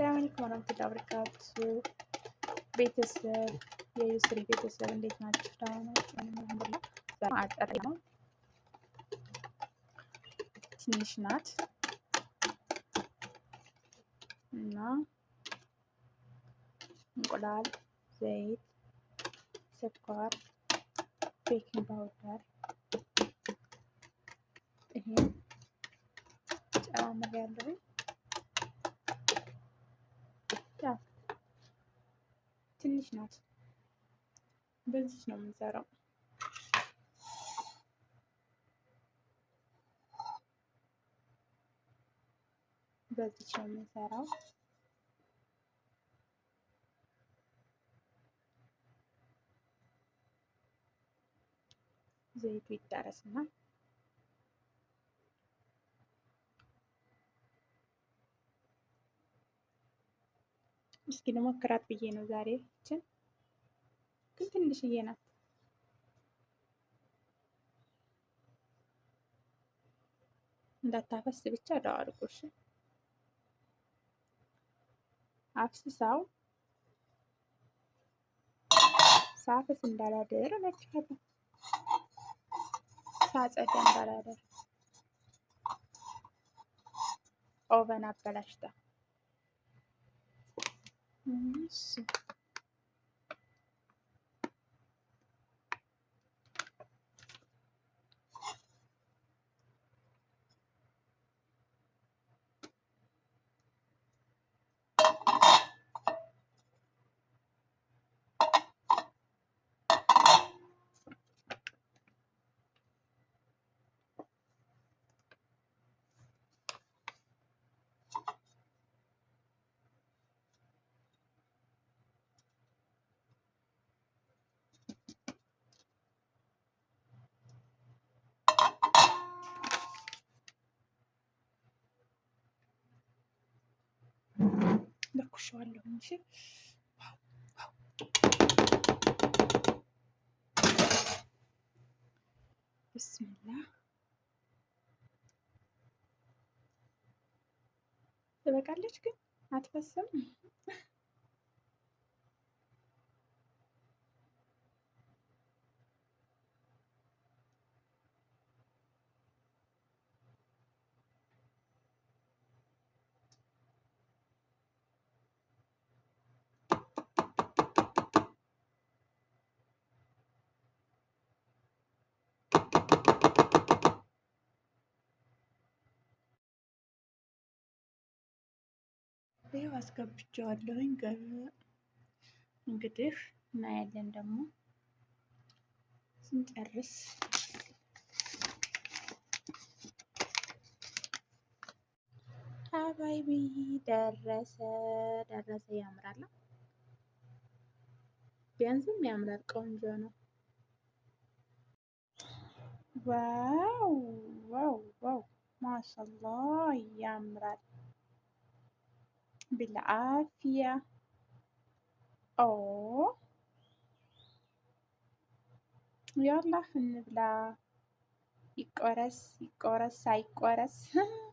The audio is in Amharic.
ሰላም አለይኩም ወራህመቱላሂ ወበረካቱ ቤተሰብ የዩስሪ ቤተሰብ እንዴት ናችሁ? ደህና ናችሁ? አልሐምዱሊላህ። አጠር ነው ትንሽ ናት እና እንቁላል፣ ዘይት፣ ስኳር፣ ቤኪንግ ፓውደር ይሄን ጨምሬያለሁ። ትንሽ ናት። በዚች ነው የምንሰራው። በዚች ነው የምንሰራው። ዘይቱ ይጠረስና እስኪ ልሞክራት ብዬ ነው ዛሬ ይችን ግን ትንሽዬ ናት። እንዳታፈስ ብቻ ዳው አድርጎሽ አፍስሳው ሳፍስ እንዳላደር እላችኋለሁ። ሳጸዳ እንዳላደር ኦቨን አበላሽታ Isso. ተኩሸዋለሁ እንጂ ብስሚላ ትበቃለች ግን አትፈስም። ይኸው አስገብቼዋለሁኝ። እንግዲህ እናያለን ደግሞ ስንጨርስ አባይቢ ደረሰ ደረሰ። ያምራል፣ ቢያንስም ያምራል። ቆንጆ ነው። ዋው ዋው ዋው! ማሻላ ያምራል። بالعافية أو يلا خنبلا يكورس يكورس سايكورس